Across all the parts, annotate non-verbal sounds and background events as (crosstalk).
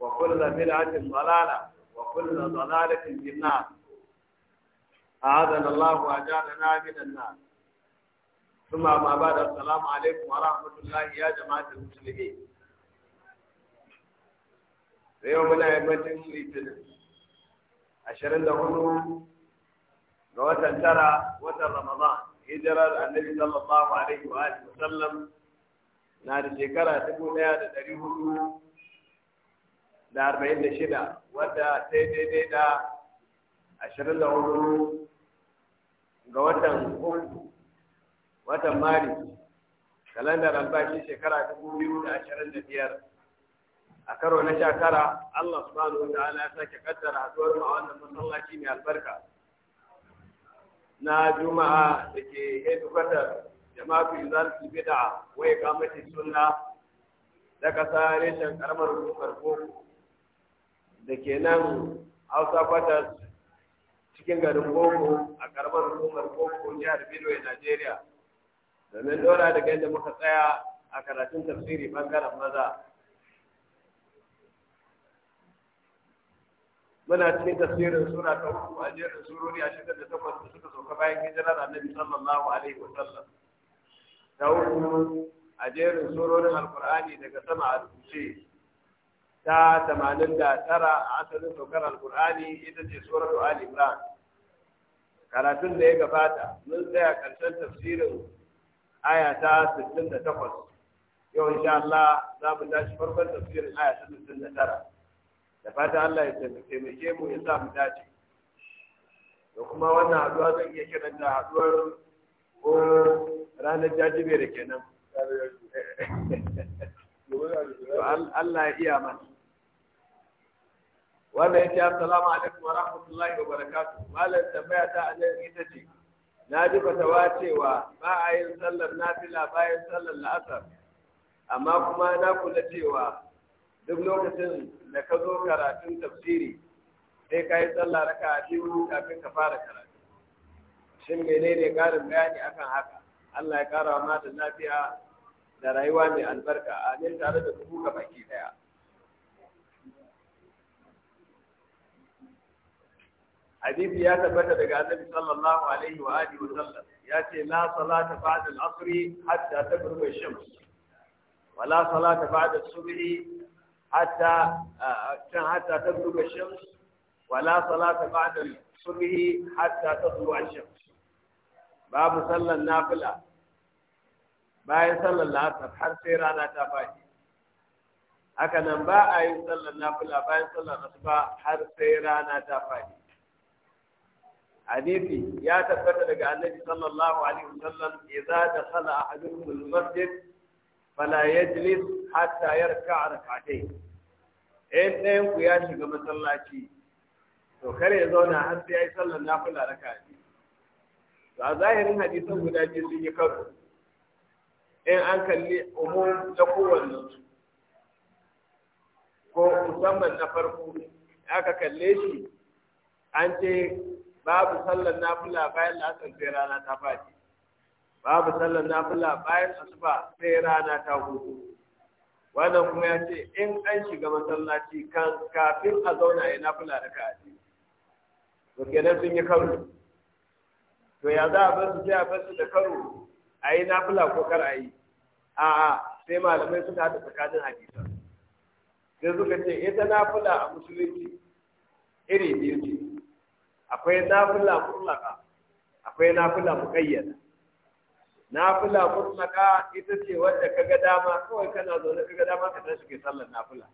وكل بدعة ضلالة وكل ضلالة في النار أعاذنا الله وأجعلنا من النار ثم ما بعد السلام عليكم ورحمة الله يا جماعة المسلمين يومنا يمتن لتنين ashirin da hudu ga watan tara watan ramadan hijirar annabi sallallahu alaihi na da shekara dubu daya da dari hudu da arba'in da shida wadda ta yi daidai da ashirin da hudu ga watan hudu watan Mari, kalandar albashi shekara dubu biyu da ashirin da biyar a karo na sha tara allah subhanahu wa ta'ala ya sake kaddara haduwar mu a wannan masallaci mai albarka na juma'a da ke hedikwatar jama'atu izalatu bid'a wa iqamati sunna da kasa reshen karamar rukunar boko da ke nan hausa fata cikin garin boko a karamar hukumar boko jihar benue nigeria domin dora daga yadda muka tsaya a karatun tafsiri bangaren maza muna cikin tafsirin sura ta uku a jerin sururi a shida da takwas da suka sauka bayan hijirar annabi sallallahu alaihi wa sallam ta uku a jerin sururin alkur'ani daga sama a rubuce ta 89 a asalin saukar alkur'ani ita ce tsoron ali imran karatun da ya gabata mun tsaya karshen tafsirin aya ta 68 yau insha Allah za mu tashi farkon tafsirin aya ta 69 da fata Allah ya taimake mu ya sa mu dace da kuma wannan haduwa zan iya da haduwar ko ranar da kenan (laughs) Allah ya iya mana wanda ya ce assalamu alaikum wa rahmatullahi wa barakatu malam tambaya ta ajiyar ita ce na ji fatawa cewa ba a yin sallar nafila bayan sallar la'asar amma kuma na kula cewa duk lokacin da ka zo karatun tafsiri sai ka yi sallah raka a biyu kafin ka fara karatu shin menene karin bayani akan haka Allah ya kara wa mata lafiya da rayuwa mai albarka A amin tare da kuka baki daya حديث يا ثبت النبي صلى الله عليه واله وسلم ياتي لا صلاه بعد العصر حتى تغرب الشمس ولا صلاه بعد الصبح حتى آه، حتى تغرب الشمس ولا صلاه بعد الصبح حتى تطلع الشمس باب صلى النافله bayan sallar la'asar har sai rana ta fashi haka nan ba a yi sallar nafula bayan sallar asuba har sai hadisi ya tabbata daga annabi sallallahu alaihi wasallam idza dakhala ahadukum al-masjid fala yajlis hatta yarka'a rak'atayn in ɗayan ku ya shiga masallaci to kare ya zauna har sai yayi sallar nafila raka'a to a zahirin hadisan guda biyu sun yi karo in an kalli umum na kowanne su ko musamman na farko aka kalle shi an ce babu sallar nafila bayan la'asar sai rana ta faɗi babu sallar nafila bayan asuba sai rana ta hutu wannan kuma ya ce in an shiga masallaci kan kafin a zauna ya nafila da kaji to kenan sun yi karo to ya za a bar su sai a bar su da karo a yi nafila ko kar a yi a'a sai malamai suka haɗa tsakanin hadisa sai suka ce ita nafila a musulunci iri biyu ce akwai nafila mutlaka akwai nafila muqayyada nafila mutlaka ita ce wanda kaga dama kawai kana ne kaga dama ka tashi ke sallar nafila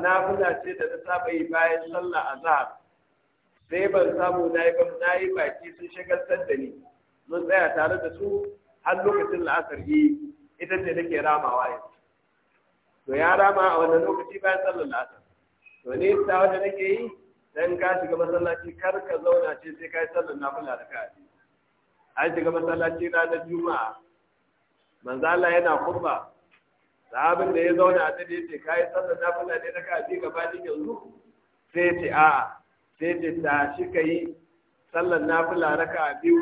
nafila ce da ta saba yi bayan sallah azhar sai ban samu na yi na yi baki sun shagaltar da ni mun tsaya tare da su har lokacin la'asar yi ita ce nake ramawa yanzu to ya rama a wannan lokaci bayan sallar la'asar to ne ta wanda nake yi dan ka shiga masallaci kar ka zauna ce sai ka yi sallar nafila da kai an shiga masallaci ranar juma'a Manzala yana kurba sahabin da ya zauna a nan ya ce kayi sallar nafila ne na ka gaba gabanin yanzu sai ce a sai ce ta shi ka yi sallar na ka biyu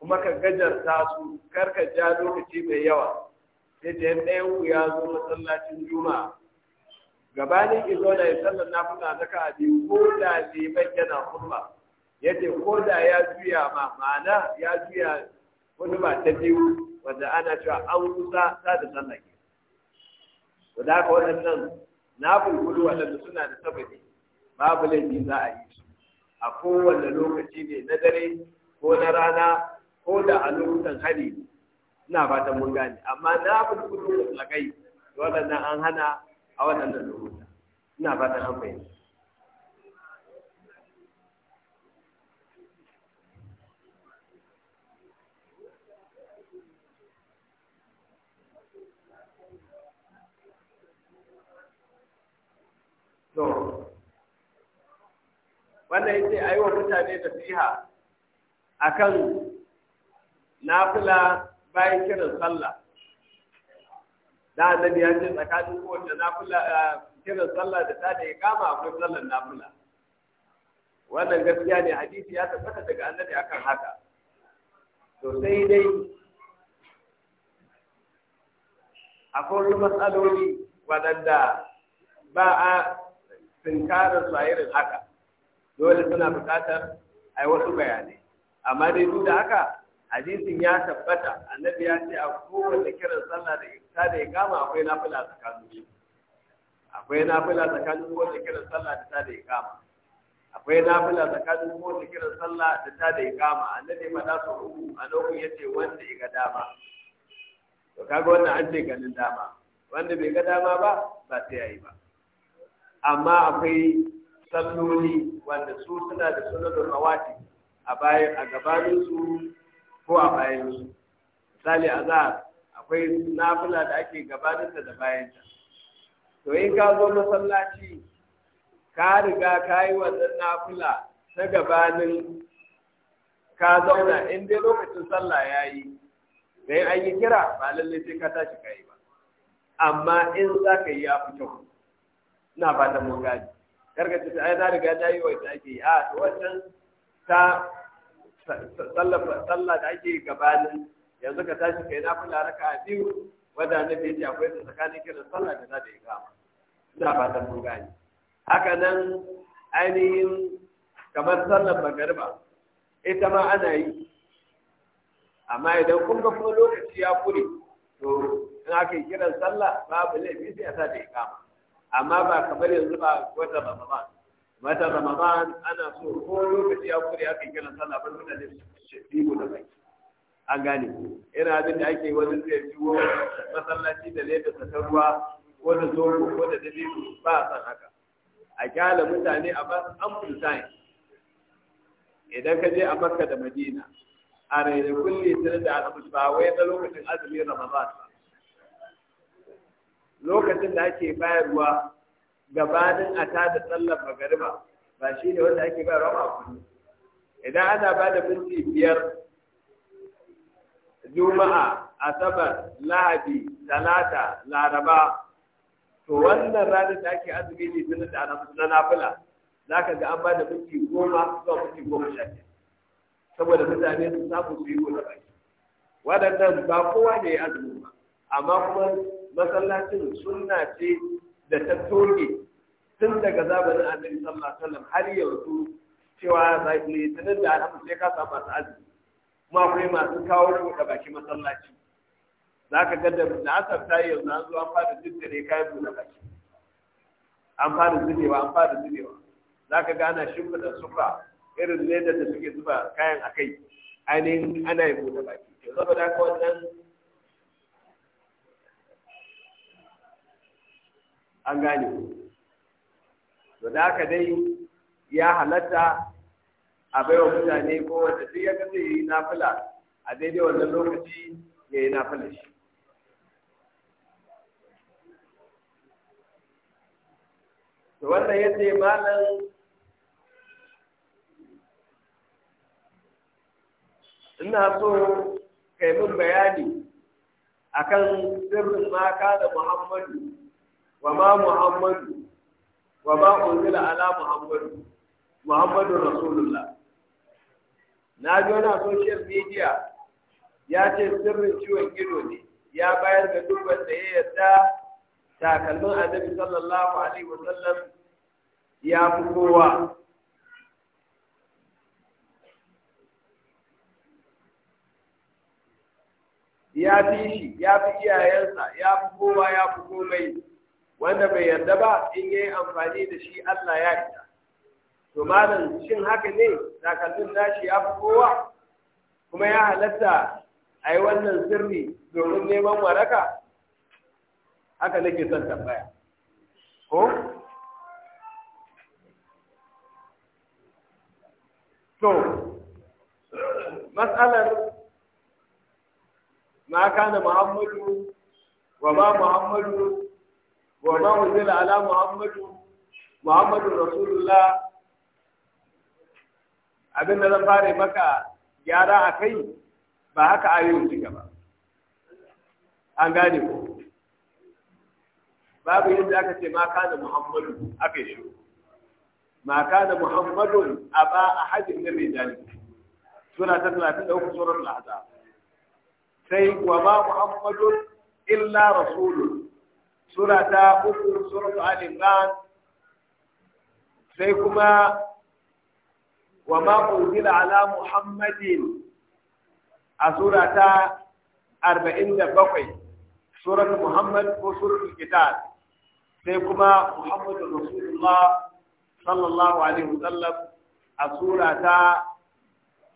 kuma ka gajarta su kar ka ja lokaci mai yawa sai ce ɗayan ku ya zo masallacin juma'a gabanin ki zauna da ya sallar na ka biyu ko da liman yana hurma ya ce ko da ya juya ma ma'ana ya juya wani ba ta biyu wanda ana cewa an kusa ta da sallaki to da haka waɗannan na bulbulu waɗanda suna da sabani babu laifi za a yi su a kowane lokaci ne na dare ko na rana ko da a lokutan hari ina fatan mun gane amma na bulbulu mutlakai waɗannan an hana a waɗannan lokuta ina fatan an fahimta wannan yace yi wa mutane nasiha akan nafila bayan kiran sallah da annabi ya ce tsakanin kowace nafila kiran sallah da ta da kama akwai sallar nafila wannan gaskiya ne hadisi ya tabbata daga annabi akan haka to sai dai akwai wasu matsaloli waɗanda ba a tunkarar su a irin haka dole suna buƙatar ai wasu bayanai amma dai duk da haka hadisin ya tabbata annabi ya ce a kowace kiran sallah da ta da ya kama, akwai nafila tsakanin su akwai nafila tsakanin kowace kiran sallah da ta da ya kama. akwai nafila tsakanin kowace kiran sallah da ta da ya kama. annabi faɗa su uku a lokacin ce, wanda ya ga dama to kaga wannan an ce ganin dama wanda bai ga dama ba ba sai yi ba amma akwai salloli wanda su suna da sunanin rawati a bayan a su ko a bayan su. misali a za akwai nafila da ake gabaninta da bayanta to in ka zo masallaci ka riga ka yi wannan nafila ta gabanin ka zauna in dai lokacin sallah ya yi dai an yi kira ba lallai sai ka tashi ka yi ba amma in za ka yi ya fi kyau na ba ta mun gargaji ce ai na riga na yi wacce ake yi a wannan ta sallah da ake gabanin yanzu ka tashi kai na fula raka biyu wanda na ya akwai tsakanin kiran sallah da za ta yi kama ina fatan mun gani. haka nan ainihin kamar sallar magariba ita ma ana yi amma idan kun ga kuma lokaci ya kure to in aka yi kiran sallah babu laifi sai a sa da ikama amma ba kamar yanzu ba wata ramadan wata ramadan ana so ko lokaci ya kure aka kira sallah bar mutane su dibo da baki an gane ina abin da ake wani zai jiwo masallaci da leda ta ruwa ko da zoro ko da dalilu. ba a san haka a kyala mutane a ba ample time idan ka je a makka da madina a raina kulle tare da alhamdu ba wai na lokacin azumin ramadan lokacin da ake bayarwa gabanin a ta da tsallar magariba ba shi ne wanda ake bayarwa ba kudi idan ana ba da minti biyar juma'a asabar lahadi talata laraba to wannan ranar da ake azumi ne tun da na nafila za ka ga an ba da minti goma zuwa minti goma sha biyar saboda mutane sun samu su yi gona baki waɗannan ba kowa ne ya azumi ba amma kuma masallacin suna ce da ta toge tun daga zamanin annabi sallallahu alaihi wasallam har yanzu cewa za yi tunan da aka sai ka samu masu azumi kuma akwai masu kawo rubuta baki masallaci za ka ga da la'asar ta yanzu an zo an fara ka kayan buɗe baki an fara zubewa an fara zubewa za ka ga ana shimfiɗa sufa irin ne da suke zuba kayan a kai ainihin ana yi buɗe baki saboda haka wannan an gane ku to da ka dai ya halatta a baiwa mutane ko wanda duk yadda zai yi nafila a daidai wannan lokaci ya yi nafila shi to wannan ya ce malam ina so kai min bayani akan sirrin maka da Muhammadu wa ma muhammadu wa ma unzila ala muhammadu muhammadu rasulullah na ji wani social media ya ce sirrin ciwon ido ne ya bayar da duk wanda ya yarda takalmin annabi sallallahu alaihi wasallam ya fi kowa ya fi shi ya fi iyayensa ya fi kowa ya fi komai wanda bai yarda ba in yi amfani da shi Allah ya yi to malam shin haka ne takalmin nashi ya fi kowa kuma ya halatta a yi wannan sirri domin neman waraka haka nake son tambaya ko to matsalar ma kana muhammadu wa ma muhammadu wa ma unzila ala muhammadu muhammadu rasulullah abin da zan fara maka gyara a kai ba haka ayoyin suke ba an gane ko babu yadda aka ce maka da muhammadu aka shi ma kana muhammadun aba ahadin min rijalikum Suna ta 33 suratul ahzab sai wa ba Muhammadu illa rasulun sura ta uku suratu al sai kuma wa ma unzila ala muhammadin a sura ta 47 suratu muhammad ko suratu kitab sai kuma muhammadu rasulullah sallallahu alaihi wasallam a sura ta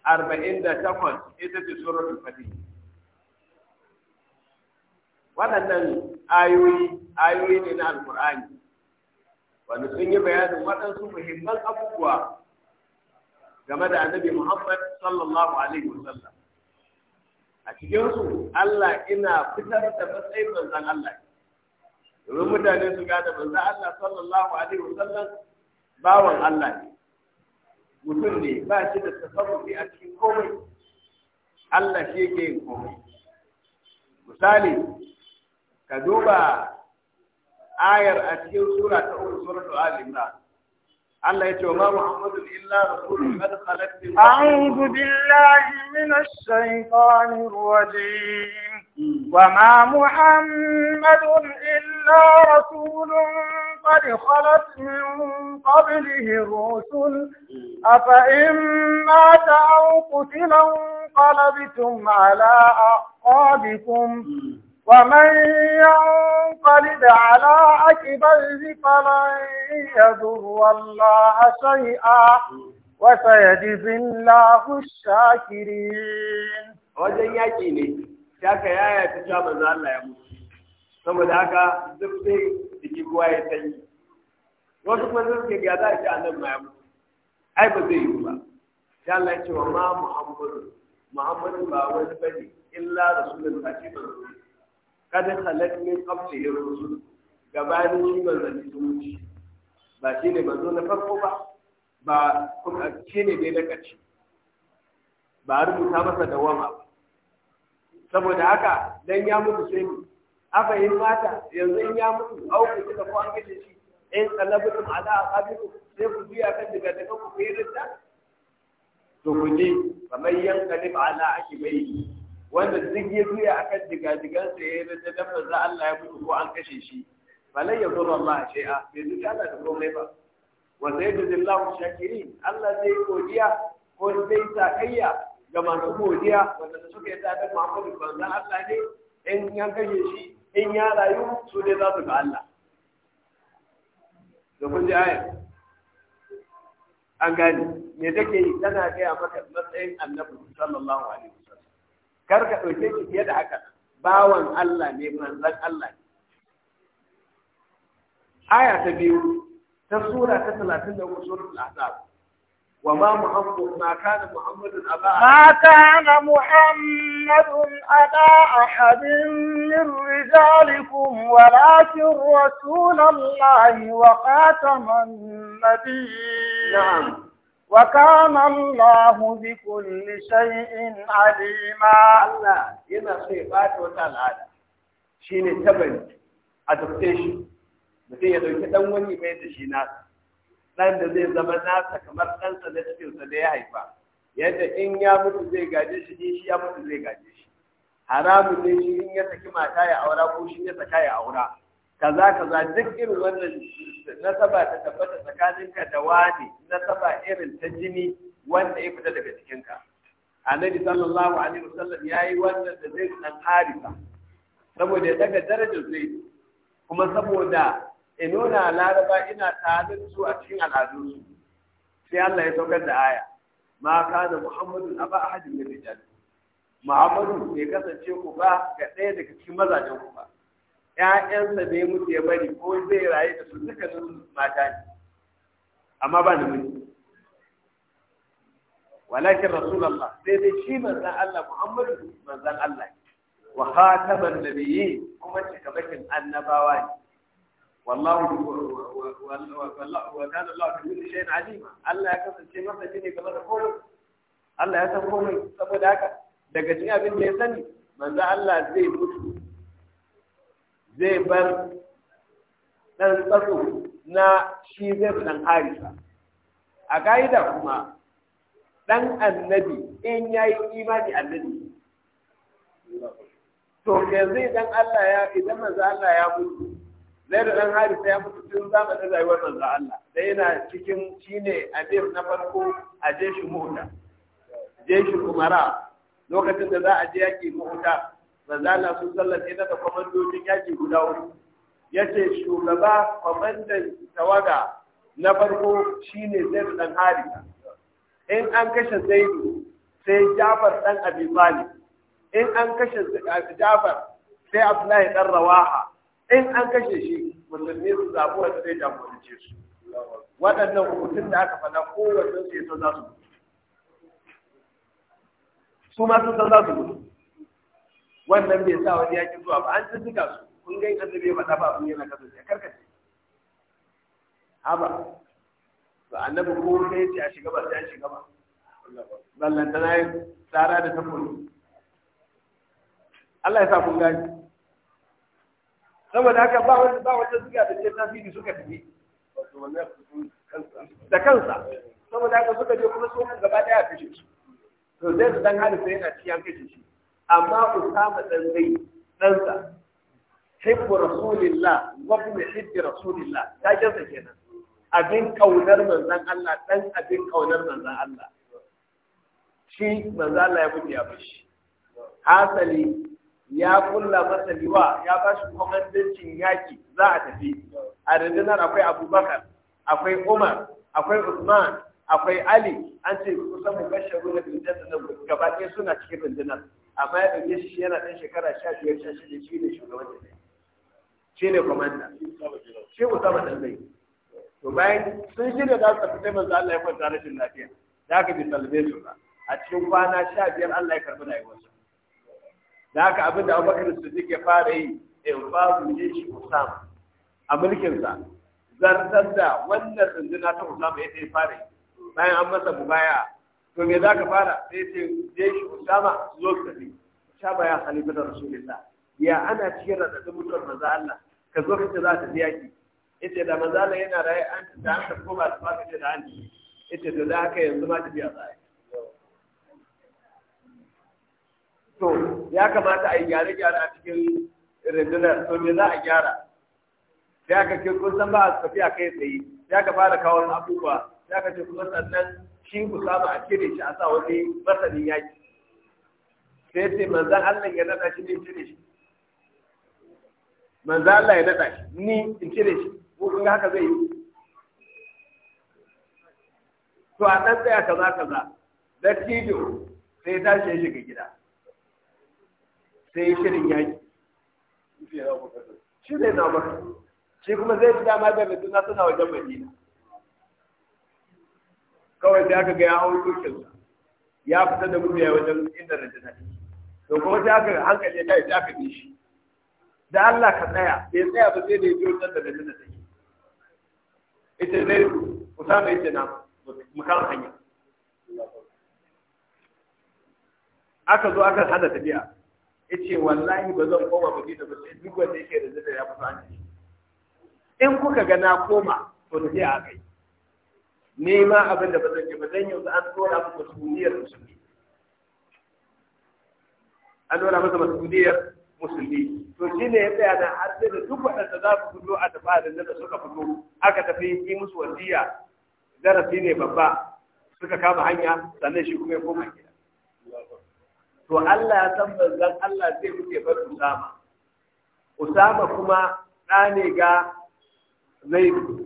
48 ita ce suratul fatih waɗannan ayoyi ayoyi ne na Alƙur'ani wanda sun yi bayanin waɗansu muhimman abubuwa game da annabi muhammad sallallahu alaihi wasallam a cikinsu allah ina fitar da matsayin manzan allah domin mutane su gada manzan allah sallallahu alaihi wasallam bawan allah ne mutum ne ba shi da tasarrufi a cikin komai allah shi yake yin komai misali ka آير أتيو سورة cikin سورة آل uku suratu Ali Imran محمد إلا رسول قد خلت أعوذ بالله من الشيطان الرجيم وما محمد إلا رسول قد خلت من قبله الرسل أفإن مات أو قتلا انقلبتم على أعقابكم ومن ينقلب على عقبيه فلن يضر الله شيئا وسيجزي الله الشاكرين wajen yaƙi ne ta ka yaya ta sha manzo Allah haka duk sai jiki sanyi wasu kuma sun ce za a ci annabi ma ya mutu ai ba zai yi ba sai ya ce wa ma muhammadu ba wani bane illa rasulun ba shi manzo kada halak min qabli rusul gabanin shi zan sun wuce ba shi ne zo na farko ba ba kuma shi ne dai na ƙarshe ba a rubuta masa da wama ba saboda haka dan ya mutu sai mu aka yi mata yanzu in ya mutu auku kika ko an kashe shi in qalabatum ala aqabikum sai ku biya kan daga daga ku kai da to ku ji yan kalib ala akibai wanda duk ya juya akan diga-digansa ya yi da dafa za Allah ya mutu ko an kashe shi falai ya zurra Allah shay'a bai zuci Allah da komai ba wa sayyidullahu shakiri Allah zai yi godiya ko zai yi sakayya ga masu godiya wanda suka yi tsadar Muhammadu banzan Allah ne in ya kashe shi in ya rayu su ne za su ga Allah da kun ji ayar an gani me take yi tana gaya maka matsayin annabi sallallahu alaihi karka ka ɗauke shi fiye da haka bawan Allah ne manzan Allah ne aya ta biyu ta sura ta 33 suratul ahzab وما محمد ما كان محمد أبا ما كان محمد أبا أحد من رجالكم ولكن رسول الله وخاتم النبي نعم وكان الله بكل شيء عليما yana so ya bata wata al'ada shine adaptation mutum ya dauki dan wani mai da shi nasa dan da zai zama nasa kamar ɗansa na cikinsa da ya haifa yadda in ya mutu zai gaje shi in shi ya mutu zai gaje shi haramun ne shi in ya saki mata ya aura ko shi ya saka ya aura kaza kaza duk irin wannan nasaba ta tabbata tsakaninka da wani nasaba irin ta jini wanda ya fita daga jikinka annabi sallallahu alaihi wasallam yayi wannan da zai dan harisa saboda ya daga darajar zai kuma saboda nuna laraba ina tare a cikin al'adunsu sai Allah ya saukar da aya ma da muhammadu aba ahadin min rijal muhammadu bai kasance ku ba ga ɗaya daga cikin mazajen ku ba Ya'yansa da mutu ya bari ko zai rayu da su dukkanin mata ne amma ba namiji walakin rasulullah sai dai shi manzon Allah Muhammadu manzon Allah wa khataban nabiyyi kuma cikakken annabawa ne wallahu wallahu wa kana Allah kulli shay'in alima Allah ya kasance masa shine game da komai Allah ya san komai saboda haka daga cikin abin da ya sani manzon Allah zai mutu zai bar ɗan tsaro na shi zai ɗan harisa a ga'ida kuma ɗan annabi in ya yi imani annabi to yanzu idan Allah ya idan manzo Allah ya mutu zai da ɗan harisa ya mutu tun zamanin rayuwar manzo Allah da yana cikin shi shine amir na farko a jeshi mota jeshi kumara lokacin da za a je yaƙi mota manzala sun sallace na da kwamandojin yaki guda hudu ya ce shugaba kwamandan tawaga na farko shine zaidu dan harisa in an kashe zaidu sai jafar dan abi talib in an kashe jafar sai abdullahi dan rawaha in an kashe shi musulmi su zaɓi wanda zai jagorance su waɗannan hukutun da aka faɗa kowace sai ta za su su masu sun za su gudu wannan bai sa wani yaƙi zuwa ba an tuntuka su kun gani annabi ya faɗa ba abin yana kasance karkace haba ba annabi ko ne ce a shiga ba sai an shiga ba ballanta na yin tsara da tafiye Allah ya sa kun gani saboda haka ba wani ba wani zuga da ce tasiri suka tafi da kansa saboda haka suka je kuma so gaba daya kashe su to zai su dan hali sai yana ciyan kashe shi amma Usama dan zai ɗansa hibbu rasulillah wa kuma hibbi rasulillah ta ke kenan abin kaunar manzon Allah dan abin kaunar manzon Allah shi manzon Allah ya buɗe ya bashi hasali ya kulla masa liwa ya ba shi komandancin yaki za a tafi a rundunar akwai abubakar akwai umar akwai usman akwai ali an ce kusan mu bashar ruwa da na gaba ɗaya suna cikin rundunar amma ya ɗauke shi yana ɗan shekara sha biyar sha shida shi ne shugaban da shi ne kwamanda shi musamman da zai to bayan sun shirya za su tafi taimaka da Allah ya kwanta rashin lafiya da aka bi salme su ba a cikin kwana sha biyar Allah ya karbi rayuwarsa da aka abin da Abubakar su ya fara yi in eh, babu ne shi musamman a mulkinsa zartar da wannan rundunar ta musamman ya fara yi bayan an masa baya to me za ka fara sai ce je shi usama zo ka tafi usama ya halifa da rasulullah ya ana cikin da mutuwar manzo Allah ka zo ka ce za ta yaki yace da manzo Allah yana raye an da an tafi ba ta baka ce da an yace to da haka yanzu ma biya za to ya kamata a yi gyare-gyare a cikin rundunar to me za a gyara ya ka ce kun san ba a tafiya kai tsaye ya ka fara kawo abubuwa ya ka ce kuma sannan shi saba a cire shi a sa wani masanin yaki sai ce manzan Allah ya nada shi ne cire shi manzan Allah ya nada shi ni in cire shi ko kun haka zai yi to a ɗan tsaya kaza kaza dattijo sai ta shi shiga gida sai shirin yaki shi ne na ba shi kuma zai fi dama da mutuna suna wajen madina kawai sai aka ga ya hau tushensa ya fita da gudu ya wajen inda jina ne to kuma sai aka hankali ya sai aka bi shi da Allah ka tsaya bai tsaya ba sai da ya ji wajen da rajina ta yi ita ne kusa ita na mukan hanya aka zo aka hada tafiya ce wallahi ba zan koma ba gida ba sai duk wanda yake da jina ya fita in kuka ga na koma to tafiya a kai ni ma abin da ba zan yi ba zan yanzu an dora masa masuliyar musulmi an dora masa masuliyar musulmi to shi ne ya tsaya na har sai da duk waɗanda za su fito a tafi da da suka fito aka tafi yi musu wasiya darasi ne babba suka kama hanya sannan shi kuma ya koma gida to Allah ya san banzan Allah zai fice bar Usama Usama kuma ɗa ne ga Zaidu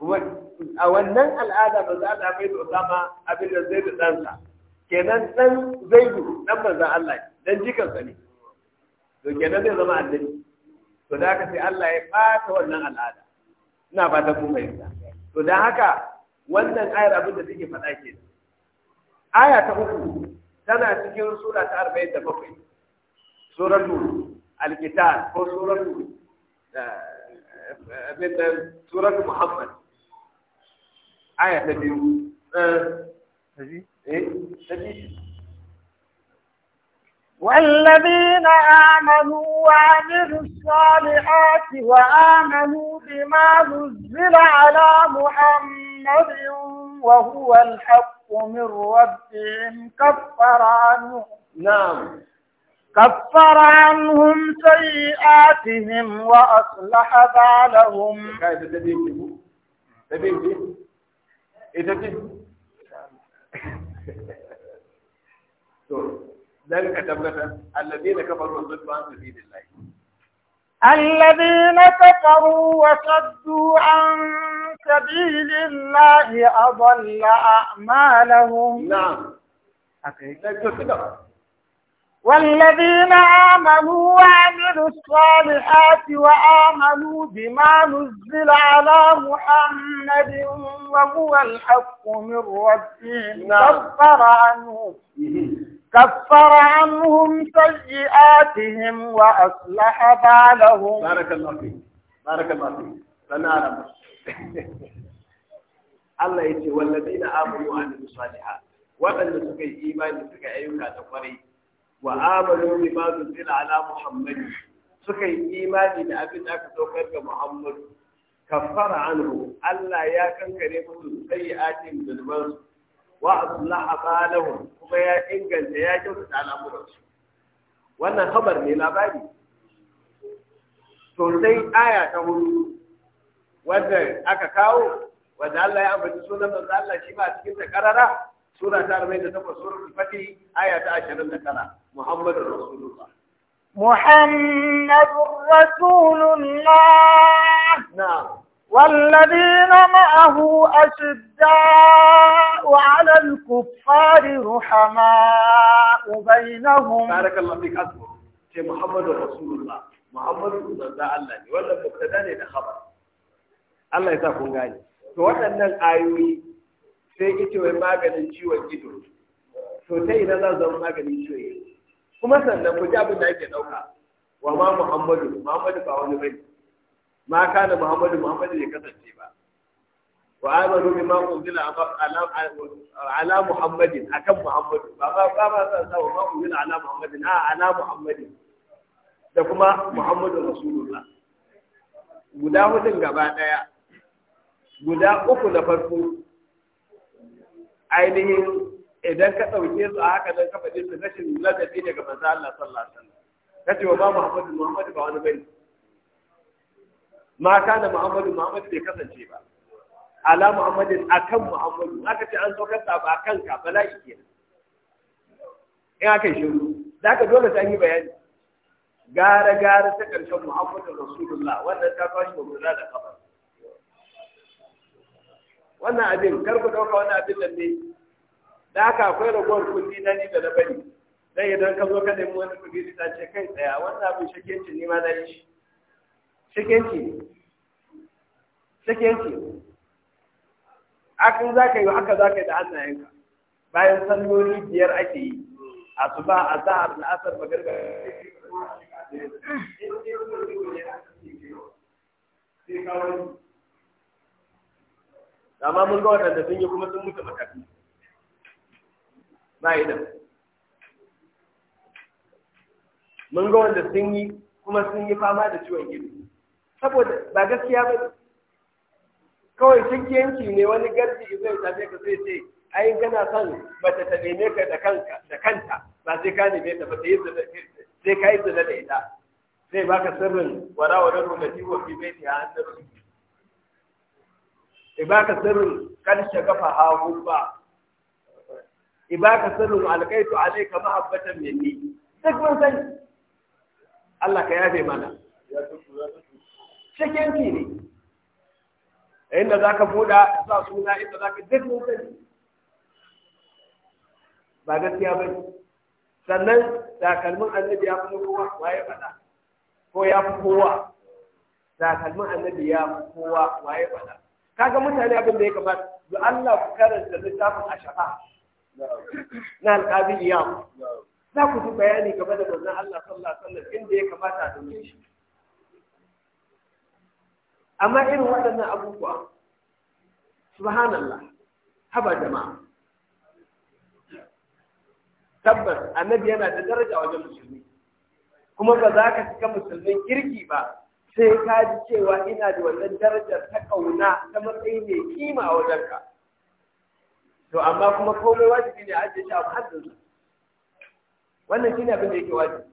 a wannan al'ada manzo Allah bai da Usama abin da zai da ɗansa kenan ɗan zaidu ɗan manzo Allah dan jikansa ne to kenan zai zama annabi to da haka sai Allah ya fata wannan al'ada ina fata kun fahimta to da haka wannan ayar abin da take faɗa ke aya ta uku tana cikin sura ta bakwai, suratul al-qital ko suratul eh, abin da suratul muhammad aya آية ta آه، إيه؟ إيه؟ والذين آمنوا وعملوا الصالحات وآمنوا بما نزل على محمد وهو الحق من ربهم كفر عنهم نعم كفر عنهم سيئاتهم وأصلح بالهم ايه ذلك الذين كفروا ضد عن سبيل الله الذين كفروا وصدوا عن سبيل الله اضل اعمالهم نعم والذين آمنوا وعملوا الصالحات وآمنوا بما نزل على محمد وهو الحق من ربهم نعم. كفر عنهم كفر عنهم سيئاتهم وأصلح بالهم بارك الله فيك بارك الله فيك فنعلم (laughs) الله يتي والذين آمنوا وعملوا الصالحات وعملوا سكي إيمان سكي أيوكا تقريب wa amanu bima zila ala muhammadi suka yi imani da abin da aka saukar ga muhammadu kaffara anhu Allah ya kankare musu sayyi'atin zulman wa aslaha balahum kuma ya inganta ya kyautata al'amuran su wannan khabar ne labari to sai aya ta hudu wanda aka kawo wanda Allah ya ambaci sunan manzo Allah shi ba cikin ta karara sura ta 48 suratul fatih aya ta 29 محمد رسول الله محمد رسول الله نعم والذين معه أشداء على الكفار رحماء بينهم بارك الله فيك أكبر محمد رسول الله محمد رسول الله ولا مبتدا ne da khabar Allah ya sa kun gane to waɗannan ayoyi sai ita wai maganin ciwon ido to kuma sannan ku ji abin da ake ɗauka wa ma muhammadu muhammadu ba wani bai ma kana muhammadu muhammadu ya kasance ba wa amanu bima unzila ala muhammadin akan muhammadu ba ba ba ba san sa ma unzila ala muhammadin a ala muhammadin da kuma muhammadu rasulullah guda hudun gaba daya guda uku na farko ainihin idan ka ɗauke su a haka nan ka faɗi su rashin ladabi daga manzo Allah sallallahu alaihi wasallam kace wa ba Muhammadu Muhammadu ba wani bane ma kana Muhammadu Muhammadu bai kasance ba ala Muhammadin akan Muhammadu aka ce an saukar da ba kanka bala'i ke in aka yi shiru aka dole sai yi bayani gara gara ta ƙarshen Muhammadu Rasulullah wannan ta kawo shi ba da kafa wannan abin kar ku ɗauka wannan abin nan ne da haka akwai ragowar kundi na ni da na bari dan idan ka zo ka nemi wani kuɗi ta ce kai tsaya wannan abin shakenci ne ma na yi shi shakenci shakenci akan za ka yi haka za ka yi da hannayenka bayan sanoni biyar ake yi a su ba a zahar na asar magarba amma mun ga waɗanda sun yi kuma sun mutu matafi ba yi mun ga wanda sun yi kuma sun yi fama da ciwon ido saboda ba gaskiya ba kawai shakiyanci ne wani garji zai tafe ka sai ce ayin kana son mace ta neme ka da kanka da kanta ba sai ka neme ta ba sai sai ka yi zina da ita zai baka sirrin wara wara rumati fi baiti a hannun rumati ba ka sirrin karshe kafa hagu ba ibaka sirrin alkaitu alayka mahabbatan minni duk mun san Allah ka yafe mana cikin ki ne inda zaka buɗa sa suna inda zaka duk mun san. ba gaskiya bane sannan takalmin annabi ya fi kowa waye faɗa ko ya fi kowa takalmin annabi ya fi kowa waye faɗa kaga mutane abin da ya kamata da Allah ku karanta littafin a shafa na alƙabil yam za ku ji bayani game da manzon Allah sallallahu alaihi wasallam inda ya kamata a dame shi amma irin waɗannan abubuwa subhanallah haba jama'a tabbas annabi yana da daraja wajen musulmi kuma ba za ka cika musulmin kirki ba sai ka ji cewa ina da wannan darajar ta ƙauna ta matsayi mai kima a wajenka to amma kuma komai wajibi ne a ajiye shi a muhallin wannan shine abin da yake wajibi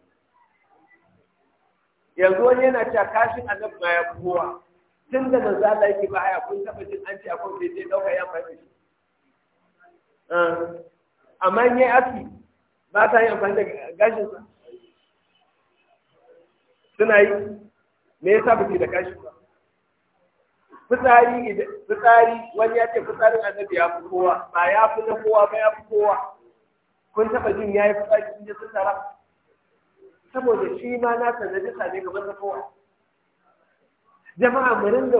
yanzu wani yana cewa kashin annabi ma ya kowa tun da manzo Allah yake ba haya kun taba jin an ce akwai bai sai dauka ya fahimci shi eh. amma in yayi aski ba ta yi amfani da gashin sa suna yi me yasa ba da gashin ba fitsari fitsari wani ya ce fitsarin annabi ya fi kowa ba ya fi na kowa ba ya fi kowa kun taba jin ya yi fitsari sun je sun saboda shi ma na sanadi sane gaban na kowa jama'a mu ringa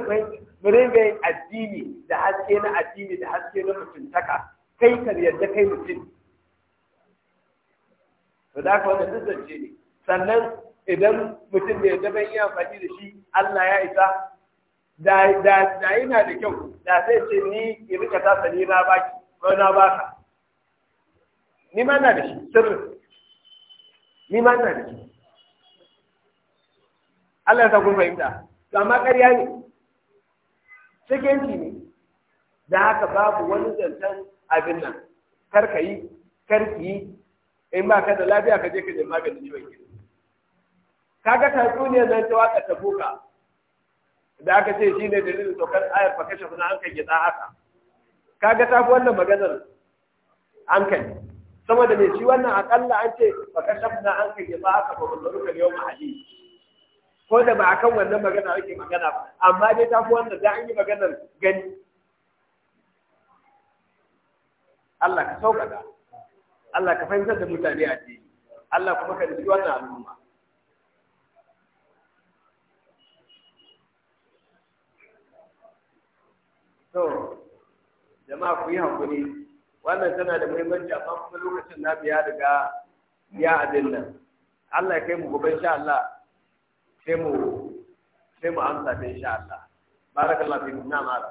mu ringa yin addini da haske na addini da haske na mutuntaka kai ka yadda kai mutum to da haka wannan zance ne sannan idan mutum da yarda bai yi amfani da shi Allah ya isa da da da yana da kyau da sai ce ni in ta sani na baki ko na baka ni ma na da shi sirri ni ma na da shi Allah ya sa kun fahimta to amma ƙarya ne cikinci ne da haka babu wani zancen abin nan karka yi karki yi in ba ka da lafiya ka je ka je maganin ciwon Ka ga tatsuniyar nan ta waka ta boka da aka ce shi ne dalilin saukar ayar fa kashe suna an kai gida haka kaga ta fi wannan maganar an kai sama da mai shi wannan akalla an ce fa kashe suna an kai gida haka ba mun zaruka ne yau mahalli ko da ba akan wannan magana ake magana ba amma dai ta fi wannan da an yi maganar gani Allah ka sauƙaƙa Allah ka fahimtar da mutane a ce Allah kuma ka rufi wannan al'umma to jama'a ku yi wannan tana da muhimmanci amma kuma lokacin na biya daga ya abin nan Allah ya kai mu gobe insha Allah sai mu sai mu amsa ta insha Allah barakallahu fikum na mara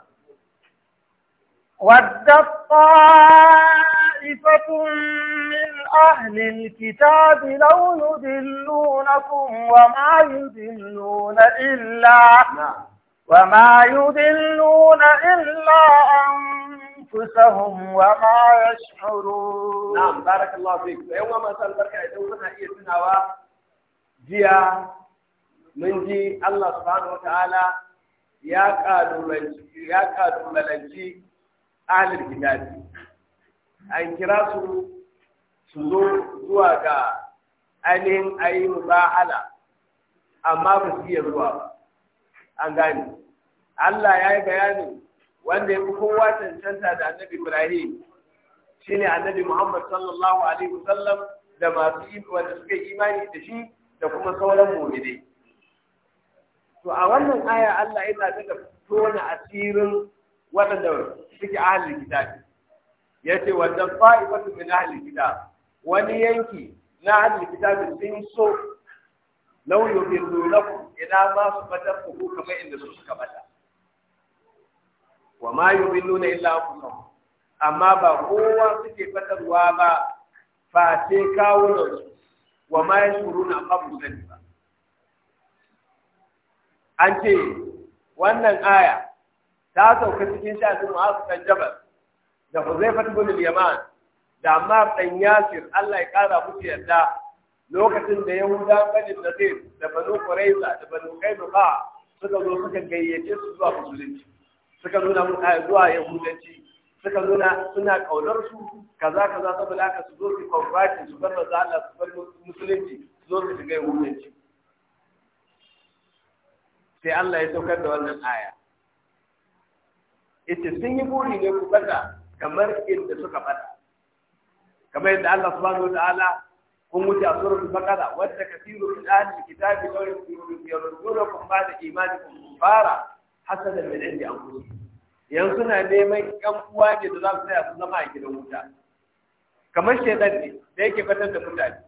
wadda من أهل الكتاب لو يذلونكم وما يذلون إلا نعم. وما يذلون إلا أنفسهم وما يشعرون نعم بارك الله فيك يوم ما سأل بركة يدورنا إيه سنوا جيا من جي الله سبحانه وتعالى يا قادو يا قادر ملنجي أهل الكتاب أن كراسوا سنور زواجا ainihin ayi muba'ala أما ba su iya zuwa Allah ya yi bayanin wanda ya fi kowa cancanta da annabi Ibrahim shi ne annabi Muhammad sallallahu Alaihi wasallam da masu wanda suka yi imani da shi da kuma sauran mummine. To a wannan aya Allah yana daga tona asirin waɗanda suke ahalin kitabi. Ya ce wanda fa'ibatu min ahalin kitab wani yanki na ahalin kitabin sun so lauyo bin lura ina ma su fatar ku kamar inda su suka bata. wa ma yudilluna illa anfusahum amma ba kowa suke fatarwa ba kawo da su wa ma yashuruna amma ba gani ba an ce wannan aya ta sauka cikin shafin ma'asu kan jabal da huzaifat bin yaman da amma dan yasir Allah ya kara musu yadda lokacin da yahuda bani nazir da banu quraiza da banu ba, suka zo suka gayyace su zuwa musulunci suka nuna mun a zuwa yahudanci suka nuna suna kaunar su kaza kaza saboda haka su zo su convert su bar manzo Allah su bar musulunci su zo su shiga yahudanci sai Allah ya saukar da wannan aya ita sun yi buri ne ku bada kamar inda suka bada kamar yadda Allah subhanahu wa ta'ala kun wuce a suratul baqara wadda kathiru min ahli kitabi law yurdunakum ba'da imanikum fara. hasada min indi anfusihim yanzu na neman ƴan uwa ne da za su tsaya su zama a gidan wuta kamar shedan ne da yake fatar da mutane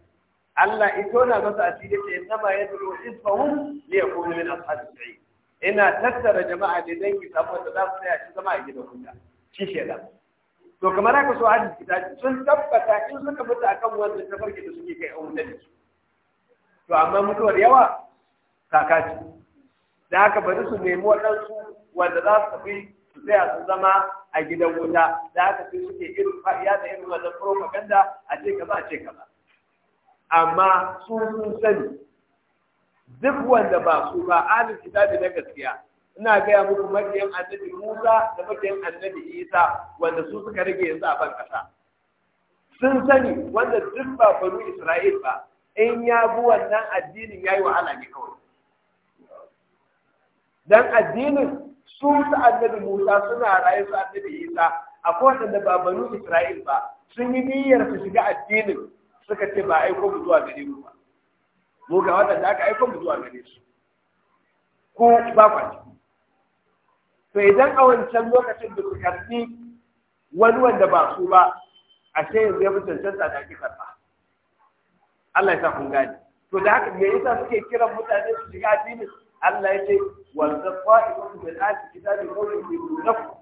Allah ito na masa asiri ce inna ma yadru isfahum li yakunu min ashabis ina tattara jama'a ne dan ki da za su tsaya su zama a gidan wuta shi shedan to kamar haka so hadisi kitabi sun tabbata in suka mutu akan ta tafarki da suke kai a wuta to amma mutuwar yawa kaka ce da haka bari su nemi waɗansu wanda za su tafi su tsaya su zama a gidan wuta da haka sai suke irin fa'iya da irin wannan propaganda a ce kaza a ce kaza amma su sun sani duk wanda ba su ba ahlul kitabi na gaskiya ina gaya muku makiyan annabi Musa da makiyan annabi Isa wanda su suka rage yanzu a ban kasa sun sani wanda duk ba banu Isra'il ba in ya bi wannan addinin ya yi wahala ne kawai dan addinin su ta annabi Musa suna rayu su annabi Isa akwai waɗanda ba banu Isra'il ba sun yi niyyar su shiga addinin suka ce ba aiko mu zuwa gare mu ba mu ga da aka aiko mu zuwa gare su ko ba kwa to idan a wancan lokacin da su karɓi wani wanda ba su ba ce yanzu ya fi cancanta da ake ba. Allah ya sa kun gane to da haka me yasa suke kiran mutane su shiga addinin Allah ya ce wanda fa'imun min ahli kitabi qawlin yunafu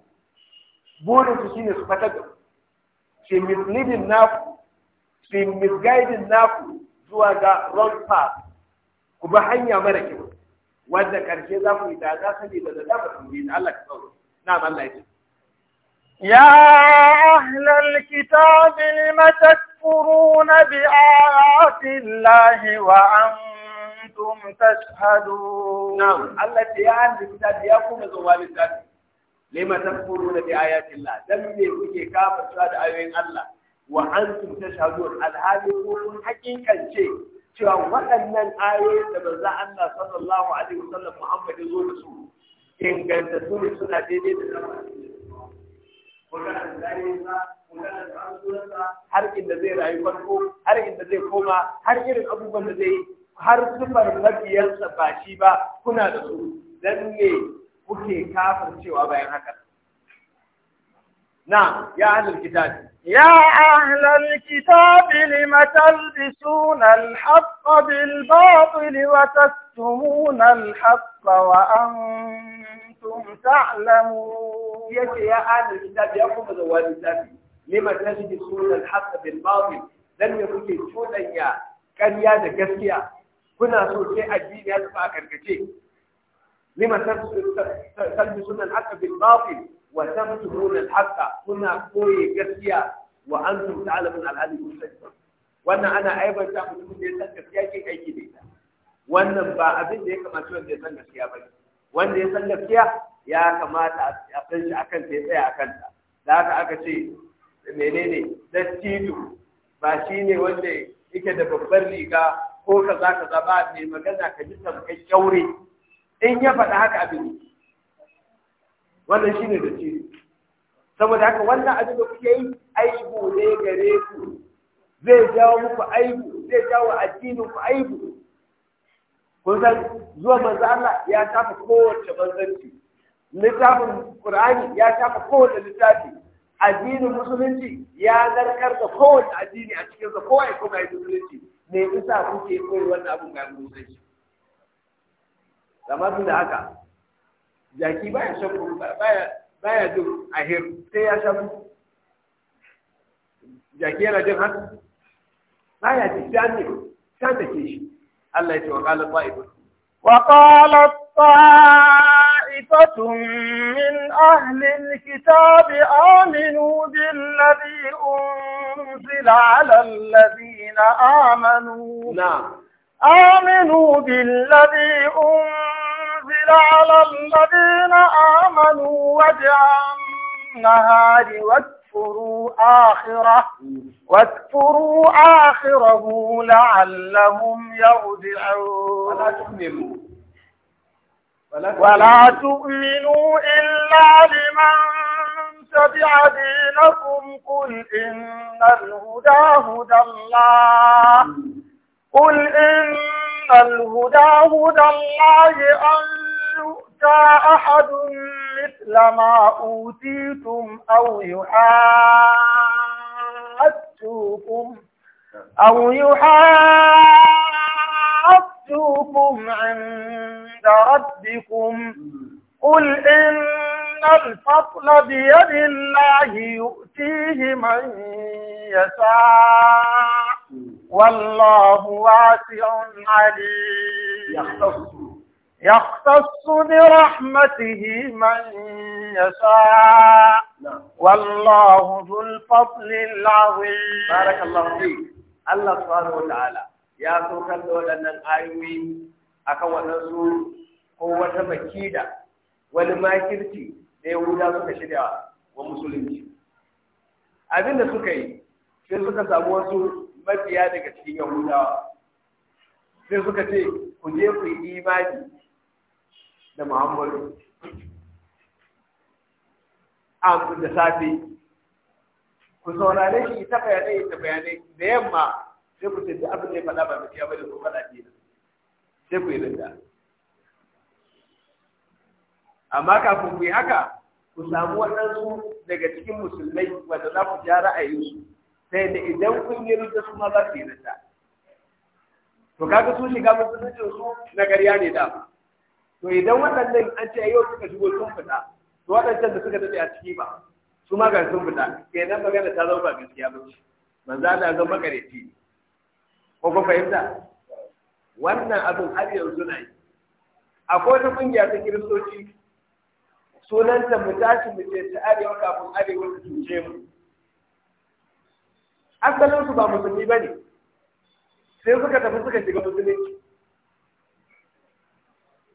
burin su shine su fatar da shi misleading naku shi misguiding naku zuwa ga wrong path ku bi hanya mara kyau wanda karshe za mu yi da za sani da da ba su yi Allah ka tsaro na'am Allah ya ce يا أهل الكتاب لم تكفرون بآيات الله وأنتم وأنتم تشهدون نعم الله تعالى الكتاب يقوم زوال الكتاب لما تكفرون بآيات الله لم يكن كافر شهد آيات الله وأنتم تشهدون الهادي يقولون حقيقة شيء cewa waɗannan ayoyin da manzo Allah sallallahu alaihi wasallam Muhammad zo da su inganta su ne suna daidai da zama har inda zai rayu farko har inda zai koma har irin abubuwan da zai yi har sifar mabiyansa ba shi ba kuna da su dan ne kuke cewa bayan haka na ya ahlul kitab ya ahlul kitab lima talbisuna sunan haqq bil batil wa tastumuna al-haqq wa antum ta'lamun yace ya ahlul kitab ya kuma zawali tafi lima talbisuna al-haqq bil batil dan ne kuke cudanya ƙarya da gaskiya kuna so sai addini ya zuba a karkace lima salbi sunan haka bil batil wa tabtumuna al haqa kuna koyi gaskiya wa antum ta'lamun al hadi wannan ana ta mutum da ya san gaskiya ke aiki da ita wannan ba abin da ya kamata wanda ya san gaskiya ba ne wanda ya san gaskiya ya kamata a san shi akan ta ya tsaya akan ta da haka aka ce menene dattijo ba shine wanda yake da babbar riga ko ka za ka zaba mai magana ka ji tamkar kyaure in ya faɗa haka abin wannan shi ne da ce saboda haka wannan abin da kuke yi aibu ne gare ku zai jawo muku aibu zai jawo addinin ku aibu kun san zuwa manzo Allah ya tafi kowace banzanci littafin Qur'ani ya tafi kowace littafi addinin musulunci ya narkar da kowace addini a cikin sa kowa ya kuma yi musulunci me isa kuke koyi wannan abun ga mun san shi amma da haka jaki baya shan kuru baya baya jin ahir sai ya sha mutu jaki yana jin haka baya ji shani shan da ke shi Allah ya ce wa qala ta'ifatu wa qala ta'ifatu min ahli alkitab aminu billadhi un أنزل على الذين آمنوا نعم آمنوا بالذي أنزل على الذين آمنوا وجه النهار واكفروا آخره واكفروا آخره لعلهم يرجعون ولا تؤمنوا ولا تؤمنوا إلا لمن تبع دينكم قل إن الهدى هدى الله قل إن الهدى هدى الله أن يؤتى أحد مثل ما أوتيتم أو يحاجوكم أو يحاجوكم عند ربكم قل إن الفضل بيد الله يؤتيه من يشاء والله واسع عليم يختص يختص برحمته من يشاء نعم. والله ذو الفضل العظيم بارك الله فيك الله سبحانه وتعالى يا سوكر دولنا الآيوين أكوانا سور قوة مكيدة ولما كرتي da yahuda suka shirya wa musulunci abinda suka yi sai suka samu wasu mafiya daga cikin yahudawa sai suka ce ku je ku yi imani da muhammadu an da safe ku saurare shi ta bayanai ta bayanai da yamma sai ku ce da abin da ya faɗa ba gaskiya ba da ku faɗa ke sai ku yi rinda amma kafin ku yi haka ku samu waɗansu daga cikin musulmai wanda za ku ja ra'ayinsu sai da idan kun yi rinta su ma za su yi rinta to kaga su shiga musuluncin su na gariya ne da to idan waɗannan an ce yau suka shigo sun fita to waɗancan da suka daɗe a ciki ba su ma ga sun fita kenan magana ta zama ba gaskiya ba ce manzo Allah zan makareci ko ko fahimta wannan abin har yanzu na yi akwai wata kungiya ta kiristoci sunanta mu tashi mu ce ta arewa kafin arewa ta cuce mu asalin su ba musulmi ba ne sai suka tafi suka shiga musulunci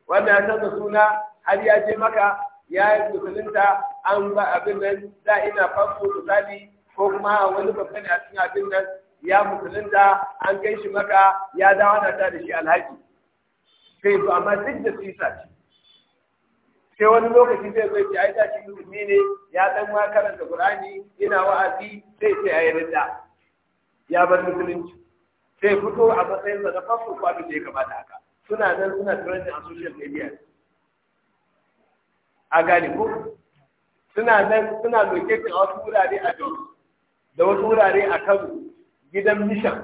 wanda ya canza suna har ya je maka ya yi musulunta an ba abin nan da ina famfo misali ko kuma wani babban ya cin abin nan ya musulunta an kai shi maka ya dawo na ta da shi alhaji sai su amma duk da sisa sai wani lokaci zai zo ce ai da shi musulmi ne ya dan ma karanta Qur'ani ina wa'azi sai sai ayi ridda ya bar musulunci sai fito a matsayin sa na farko ko abin da ya kamata haka suna nan suna trending a social media a gani ko suna nan suna locating a wasu wurare a Jos da wasu wurare a Kano gidan mission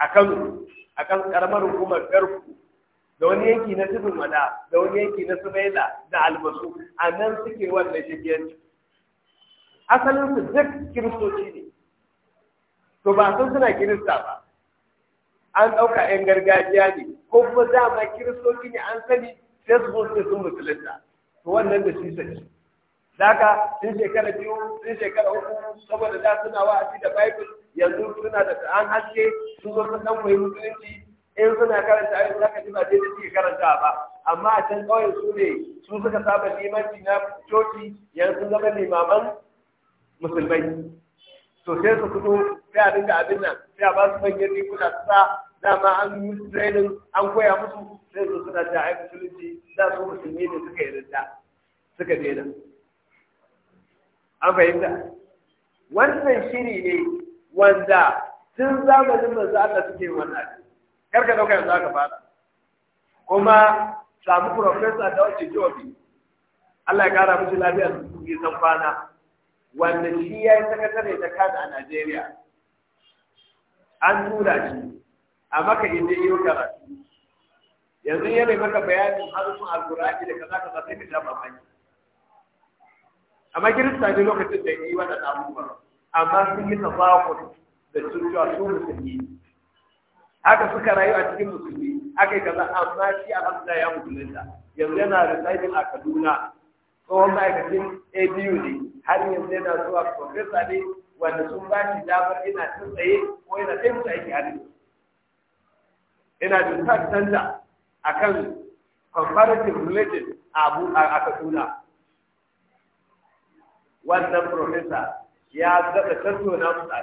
a Kano a kan karamar hukumar Garku da wani yanki na tudun wada da wani yanki na sumaila da albasu a nan suke wannan shakiyanci asalin su duk kiristoci ne to ba san suna kirista ba an ɗauka 'yan gargajiya ne ko kuma dama kiristoci ne an sani sai su zo sun musulunta to wannan da shi sani Daka sun shekara biyu, sun shekara uku, saboda da suna wa'azi da Bible yanzu suna da an haske sun zo sun dan fahimci musulunci in suna karanta ayoyin zaka ji ba da suke karanta ba amma a can kawai su ne su suka saba limanci na coci yanzu zama limaman musulmai to sai su fito sai a dinga abin nan sai a ba su manyan rikuna su sa dama an yi musu training an koya musu sai su suna ta ai musulunci za su musulmi ne suka yarda suka daina an fahimta wannan shiri ne wanda tun zamanin manzo Allah suke wannan kar ka dauka yanzu aka fada kuma samu professor da wace jobi Allah ya kara mishi lafiya da su yi san kwana wanda shi ya yi sakatare da kada a Najeriya an tura shi a maka inda yi karatu yanzu ya mai maka bayanin harsun alkurani da kaza kaza sai ka sha mamaki amma kirista ne lokacin da yi wannan abubuwa amma sun yi tafakon da sun su musulmi haka suka rayu a cikin musulmi aka yi kaza amma shi alhamdulillah ya musulunta yanzu yana residing a kaduna tsohon ma'aikacin abu ne har yanzu yana zuwa profesa ne wanda sun ba shi damar ina tun tsaye ko yana tsaye musu aiki hannu ina da sa canza a kan comparative religion a kaduna wannan profesa ya zaɗa tattauna musu a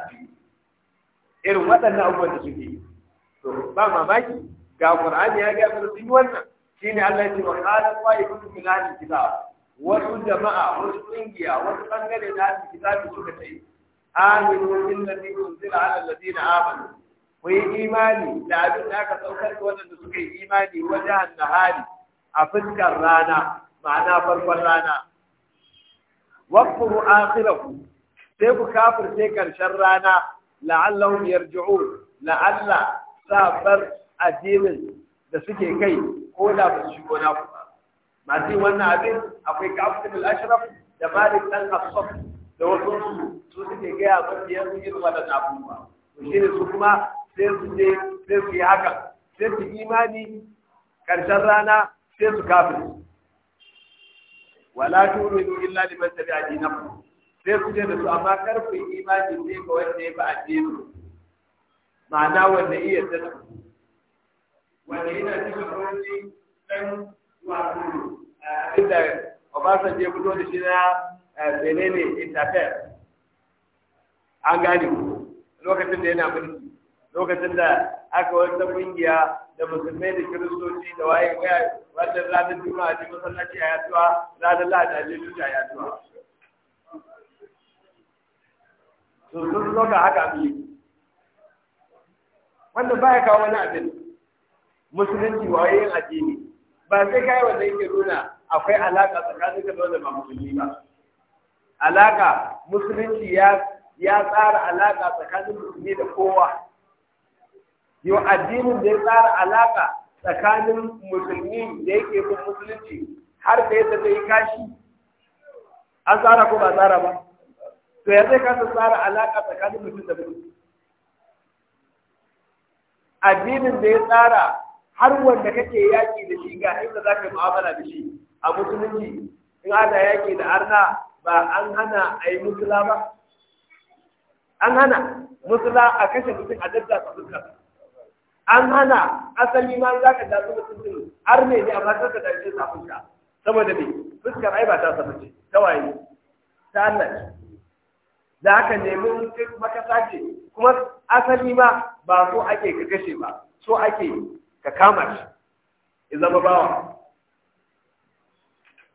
irin waɗannan abubuwan da suke yi to ba mamaki ga qur'ani ya ga mana duk wannan shine Allah ya ce wa qala qa'idun min kitab wasu jama'a wasu kungiya wasu bangare na ahli kitab suka ce aminu billazi unzila ala alladhina amanu ku yi imani da abin da aka saukar da waɗanda suka yi imani wajen nahari a fuskar rana ma'ana farkon rana waqfu akhirahu sai ku kafirce karshen rana la'allahum yarji'un la'alla sabar addinin da suke kai ko da ba su shigo na ku ba masu wannan abin akwai kafin al-ashraf da malik dan asaf da wasu su suke gaya mafi yanzu irin na abubuwa to shi ne su kuma sai su je sai su yi haka sai su imani ƙarshen rana sai su kafin wala tu'minu illa liman tabi'a dinakum sai su je da su amma karfin imani sai ga wanda ya ba addinin ma'ana wanda iya tana wanda yana cikin wani ɗan wato eh, abinda Obasanjo ya fito da shi na eh, menene interfere an gane lokacin da yana mulki lokacin da aka wata kungiya da musulmai da kiristoci da waye waya wannan ranar juma'a ce masallaci a yatuwa ranar lahadi a jejuta a yatuwa sun sun zo ga haka biyu wannan baya kawo wani abin musulunci a addini ba sai kai wanda yake nuna akwai alaka tsakanin ka da ba musulmi ba alaka musulunci ya ya tsara alaka tsakanin musulmi da kowa yau addinin da ya tsara alaka tsakanin musulmi da yake bin musulunci har da yadda zai kashi an tsara ko ba tsara ba to ya zai kasa tsara alaka tsakanin mutum da mutum addinin da ya tsara har wanda kake yaki da shi ga inda za ka yi mu'amala da shi a musulunci in ana yaki da arna ba an hana a yi musula ba an hana musula a kashe mutum a dadda su fuska an hana asali ma za ka dasu mutum har ne ne amma ka dace ta fuska saboda me fuskar ai ba ta sabace ta waye ta Allah da haka nemin makasa ce kuma asali ma ba so ake ka kashe ba so ake ka kama shi ya zama bawa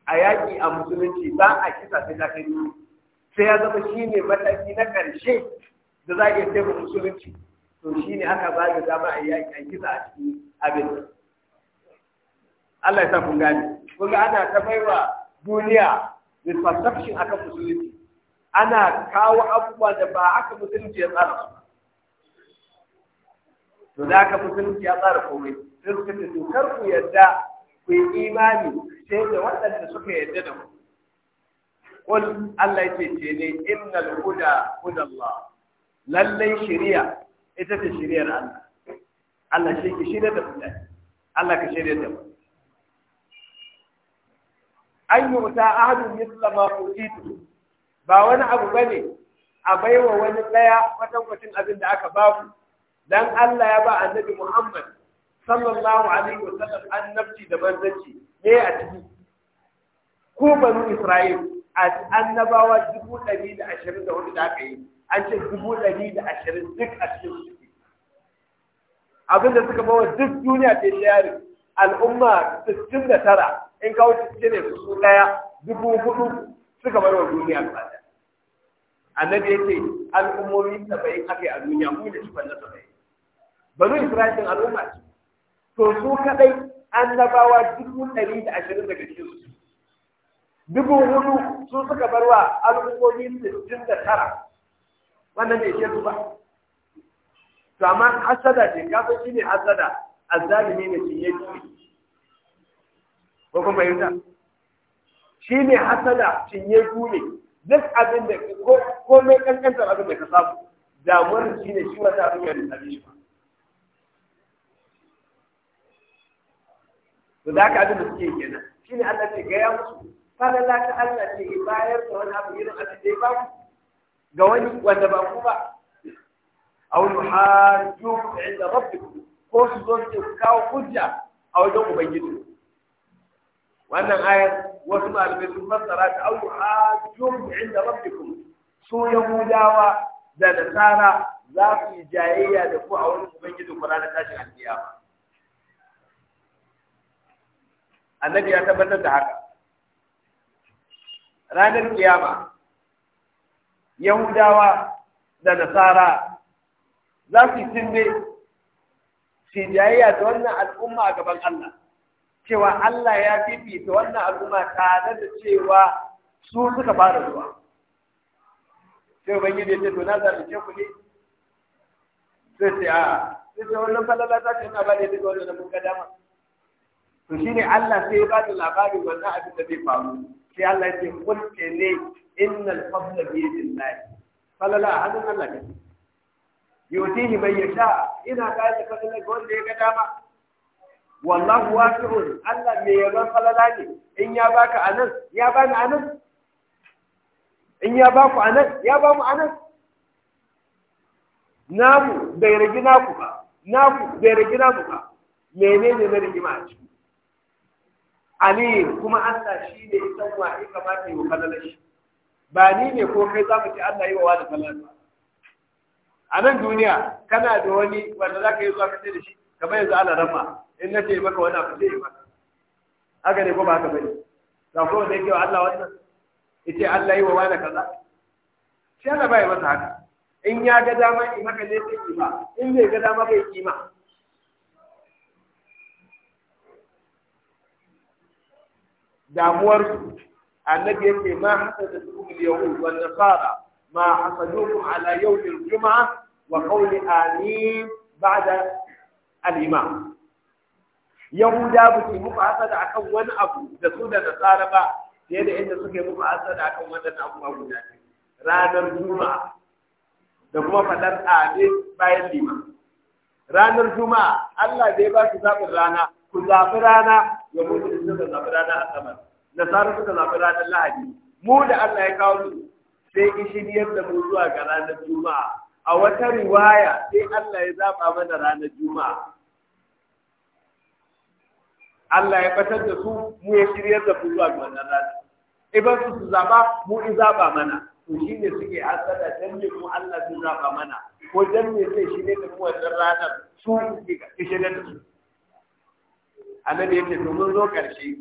a yaƙi a musulunci ba a kisa sai ta kai sai ya zama shi ne mataki na ƙarshe da za a iya taimaka musulunci to shi ne aka ba da dama a yaƙi a kisa a cikin abin Allah ya sa kun gane kun ga ana ta baiwa duniya perception akan musulunci ana kawo abubuwa da ba aka musulunci ya tsara su to da haka musulunci ya tsara komai sai suka ce to kar ku yadda ku yi imani sai da waɗanda suka yadda da ku qul Allah yake ce ne innal huda hudallah lallai shari'a ita ce shari'ar Allah Allah shi ke shirya da mutane Allah ka shirya da mutane. an yi wuta ahadun yusla ma utitu ba wani abu ba ne a baiwa wani ɗaya kwatankwacin abin da aka baku Don Allah ya ba annabi Muhammad sallallahu alaihi wasallam annabci da banzanci ne a ciki ku banu Isra'il annabawa dubu ɗari da ashirin da hudu da aka yi an ce dubu ɗari da ashirin duk a cikin ciki abin da suka bawa duk duniya ta yari, al'umma sittin da tara in kawo cikin ne su ɗaya dubu hudu suka bar wa duniya ba annabi ya ce al'ummomi saba'in aka yi a duniya mu da sufan na saba'in banu isra'il al'umma ce to su kadai annabawa dubu ɗari da ashirin daga cikin su dubu hudu su suka bar wa al'ummomi sittin da tara wannan bai ce su ba to amma hasada ce kafin shi ne hasada azzalimi ne shi ya ci ko kuma ta shi ne hasada cinye ne duk abin da ko kankantar abin da ka samu damuwar shi ne shi wata abin yadda nisabi shi ba to da ka abin da suke kenan shi ne Allah ce gaya musu falala ta Allah ce bayar da wani abu irin abin da ya ba ga wani wanda ba ku ba aw yuhajjukum inda rabbi ko su zo su kawo hujja a wajen ubangiji wannan ayar wasu malamai sun fassara ta au hajjum inda rabbikum su yahudawa da nasara za su yi jayayya da ku a wurin ubangiji ku ranar tashin alkiyama annabi ya tabbatar da haka ranar kiyama yahudawa da nasara za su yi su jayayya da wannan al'umma a gaban Allah cewa Allah ya fifita wannan al'umma tare da cewa su suka fara zuwa sai yi da ce to na zalunce ku ne sai ce a sai ce wannan falala ta ce ina ba da duka wannan mun ga dama to shi ne Allah sai ba da labarin wannan abin da zai faru sai Allah ya ce kul ne innal fadla bi yadillahi falala a hannun Allah ne yutihi man yasha ina ga da fadlan wanda ya ga dama wallahu wasi'un Allah mai yaban falala ne in ya baka anan ya bani anan in ya baku anan ya mu anan namu bai rigi naku ba naku bai rigi naku ba menene na rigima a ciki alim kuma Allah shi ne san wa in kamata yi wa falalar shi ba ni ne ko kai za mu ci Allah yi wa wani falalar ba a nan duniya kana da wani wanda za ka yi zuwa kace da shi kamar yanzu ana rama in na ce maka wani abu sai maka haka ne ko ba haka bane da ko da yake Allah wannan yace Allah yi wa wani kaza sai Allah bai masa haka in ya ga dama in haka ne sai kima in bai ga dama bai kima damuwar annabi yake ma hasadakum al-yahud wan nasara ma hasadukum ala yawm al-jum'ah wa qawli amin ba'da al-imam yahuda ba su muku hasada akan wani abu da su da nasara ba fiye da inda suka yi muku hasada akan waɗannan abubuwa guda ranar juma'a da kuma faɗar ade bayan lima ranar juma'a Allah bai ba su zaɓin rana ku zaɓi rana ya mutu da suka zaɓi rana a saman nasara suka zaɓi ranar lahadi mu da Allah ya kawo su sai kishin da mu zuwa ga ranar juma'a a wata riwaya sai Allah ya zaɓa mana ranar juma'a Allah ya fatar da su mu ya shiryar da su zuwa wannan rana idan su zaba mu in zaba mana to shi ne suke hasada dan ne mu Allah zai zaba mana ko dan ne zai ne da mu wannan ranar su suke shirye da su annabi yake to mun zo karshe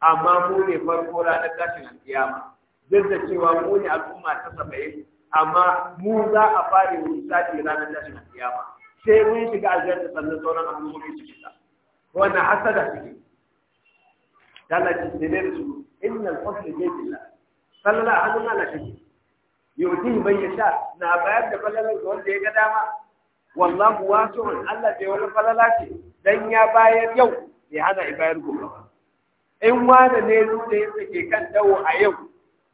amma mu ne farko ranar tashin kiyama duk da cewa mu ne al'umma ta saba'in amma mu za a fara mu sati ranar tashin kiyama sai mun shiga aljanna sannan sauran abubuwan su shiga wannan hasada suke Allah ce sai dai su innal fadl bi billah sallala hannun Allah take yuti bai yasha na bayar da falalar ga wanda ya ga dama wallahu wasi'un Allah bai wani falala ce dan ya bayar yau ya hana ibayar bayar gobe in wanda ne da ya sake kan dawo a yau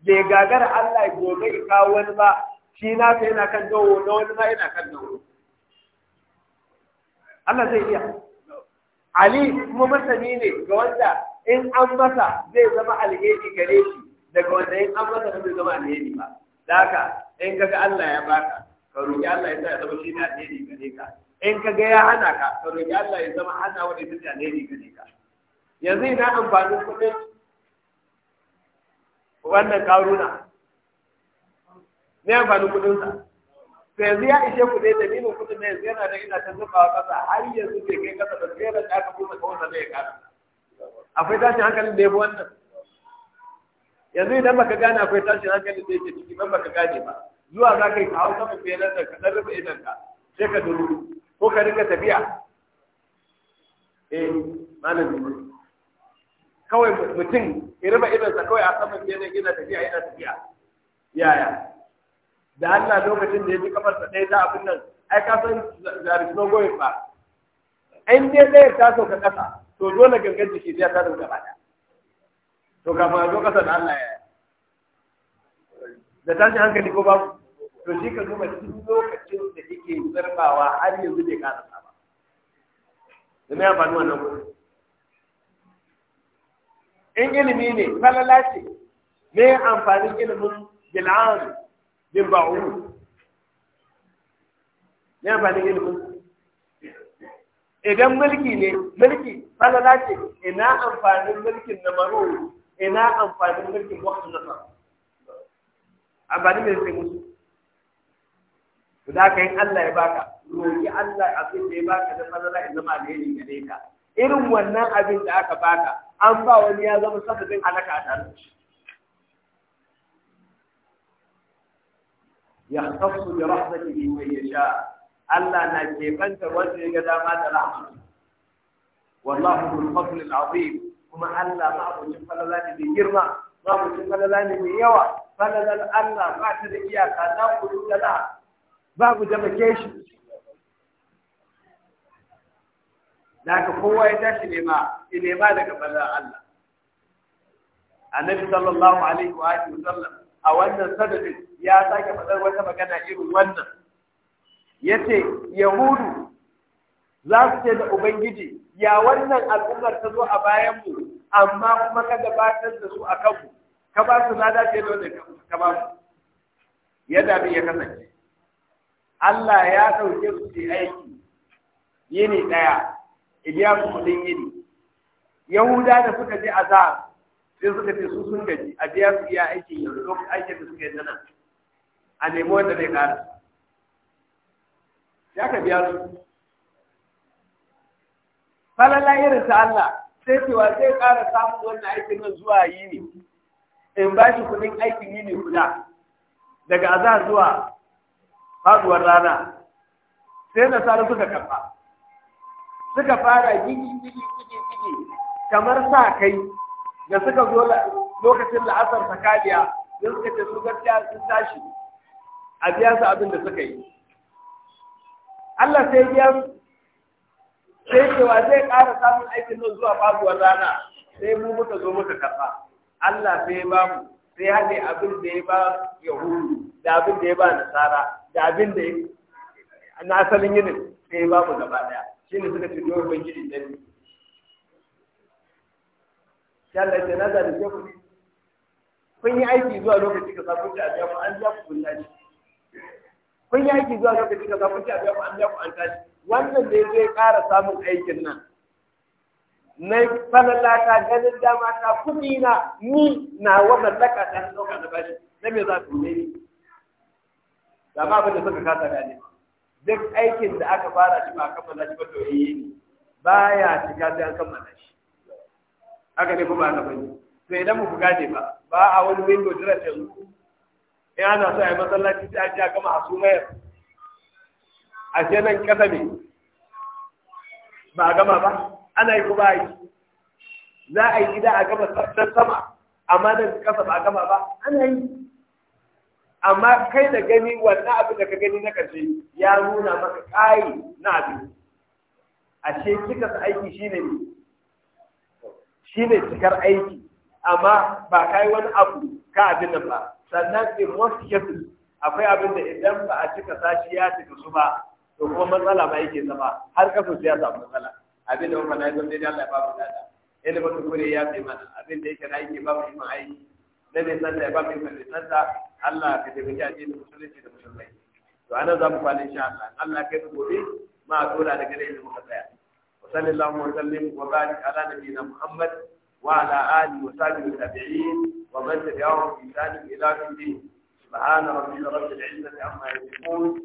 bai gagara Allah gobe ya kawo wani ba shi na ta yana kan dawo na wani ma yana kan dawo Allah zai iya Ali kuma masani ne ga wanda in an masa zai zama alheri gare shi daga wanda in an masa zai zama alheri ba da haka in kaga Allah ya baka ka roki Allah ya sa ya zama shi ne alheri gare ka in kaga ya hana ka ka roki Allah ya zama hana wanda zai zama alheri gare ka yanzu ina amfanin kuɗin wannan karuna ne amfani kuɗinsa to yanzu ya ishe ku da dalilin kuɗin ne yanzu yana da ina ta zuba ƙasa har yanzu bai kai ƙasa da sai da aka kuma kawai da ya kara akwai tashin hankalin da ya fi wannan yanzu idan baka gane akwai tashin hankalin da ya ke ciki ban baka gane ba zuwa za ka yi kawo sama fiye nan ka kaɗan rufe idan ka sai ka duru ko ka rika tafiya eh malami kawai mutum ya rufe idan sa kawai a saman fiye nan yana tafiya yana tafiya yaya da Allah lokacin da ya ji kamar sa ɗaya za abin nan ai ka san zarisno goyin ba in dai ɗaya ta sauka ƙasa to dole gangan jiki zai ta daga bada to ga a zo kasa da Allah ya da tashi hankali ko babu to shi ka zuma cikin lokacin da yake zarbawa har yanzu bai karasa ba da me amfani wannan gudu in ilimi ne falala ce me amfanin ilimin bil'am bin ba'u me amfanin ilimin idan mulki ne mulki falala ce ina amfanin mulkin na maro ina amfanin mulkin wasu nasa amfanin mai sai musu Guda ka yi Allah ya baka roki Allah abin da ya baka da falala in zama alheri gare ka irin wannan abin da aka baka an ba wani ya zama sababin halaka a tare da shi يختص Allah na يشاء wanda ya ga dama da رحمته wallahu bil fadl al kuma Allah ma abucin falala ne mai girma ma abucin falala ne mai yawa falalar Allah ba ta da iyaka za ku lulala babu jamake shi da kowa ya tashi nema nema daga falalar Allah annabi sallallahu alaihi wa wa sallam a wannan sadadin ya sake faɗar wata magana irin wannan yace yahudu za su ce da ubangiji ya wannan al'ummar ta zo a bayan mu amma kuma ka gabatar da su a kanmu ka ba su lada ce da wanda ka ba mu Ya dami ya kasance Allah ya ɗauke su ce aiki yini ɗaya ibiya su kuɗin yini yahuda da suka je azab sai suka ce su sun gaji a biya su iya aikin yanzu aikin da suka yi nan a nemi wanda zai ƙara ya ka biya su falala irin ta Allah sai cewa zai ƙara samun wannan aikin nan zuwa yi ne in ba shi kudin aikin yi ne guda daga azar zuwa faduwar rana sai na sa suka kafa suka fara gigi gigi gigi gigi kamar sa kai da suka zo lokacin la'asar sakaliya sai suka ce su gaskiya sun tashi a biya su abin da suka yi Allah sai biya sai cewa zai ƙara samun aikin nan zuwa faguwar rana sai mu muka zo muka karɓa Allah sai ba mu sai haɗe abin da ya ba Yahudu da abin da ya ba Nasara da abin da na asalin yinin sai ba mu gaba ɗaya shi ne suka ce yau ban gidi ni. Allah ce na zalunce ku kun yi aiki zuwa lokaci ka samu ta a biya mu an ja ku kun kun yi aiki zuwa lokaci ka samu ta a biya mu an ja ku an tashi wannan da ya zo ya ƙara samun aikin nan na ta, ganin dama ta kuɗi na ni na wannan laka ta ɗauka da bashi na me za su ne ni da ma abin da suka kasa gane duk aikin da aka fara shi ba a kammala shi ba to yi ne ba ya shiga sai an kammala shi haka ne kuma aka bani to idan mu gane ba ba a wani window direction in ana so a yi masallaci sai a ji a gama a sumayar ashe nan ƙasa ne ba a gama ba ana yi kuma yi za a yi gida a gama tsaftar sama amma nan ƙasa ba a gama ba ana yi amma kai da gani wannan abin da ka gani na karshe ya nuna maka kayi na abin ashe cikas aiki shine ne shine cikar aiki amma ba kai wani abu ka abin nan ba sannan in wasu akwai abin da idan ba a cika sashi ya cika su ba to kuma matsala ba yake zama har kafin kasu ya samu matsala abin da mun faɗa yanzu dai Allah ya ba mu dada ilimin kure ya fi mana abin da yake na yake babu mu yi aiki na ne sanda ya ba mu san da Allah ka taimaki a cikin musulunci da musulmai to ana za mu kwana insha Allah Allah kai ku gobe ma dora da gare ni muka tsaya wa sallallahu alaihi wa sallam wa barik ala nabiyina Muhammad wa ala alihi wa sahbihi tabi'in wa man tabi'ahum bi ihsan ila yawm الدين سبحان ربك رب العزة عما يصفون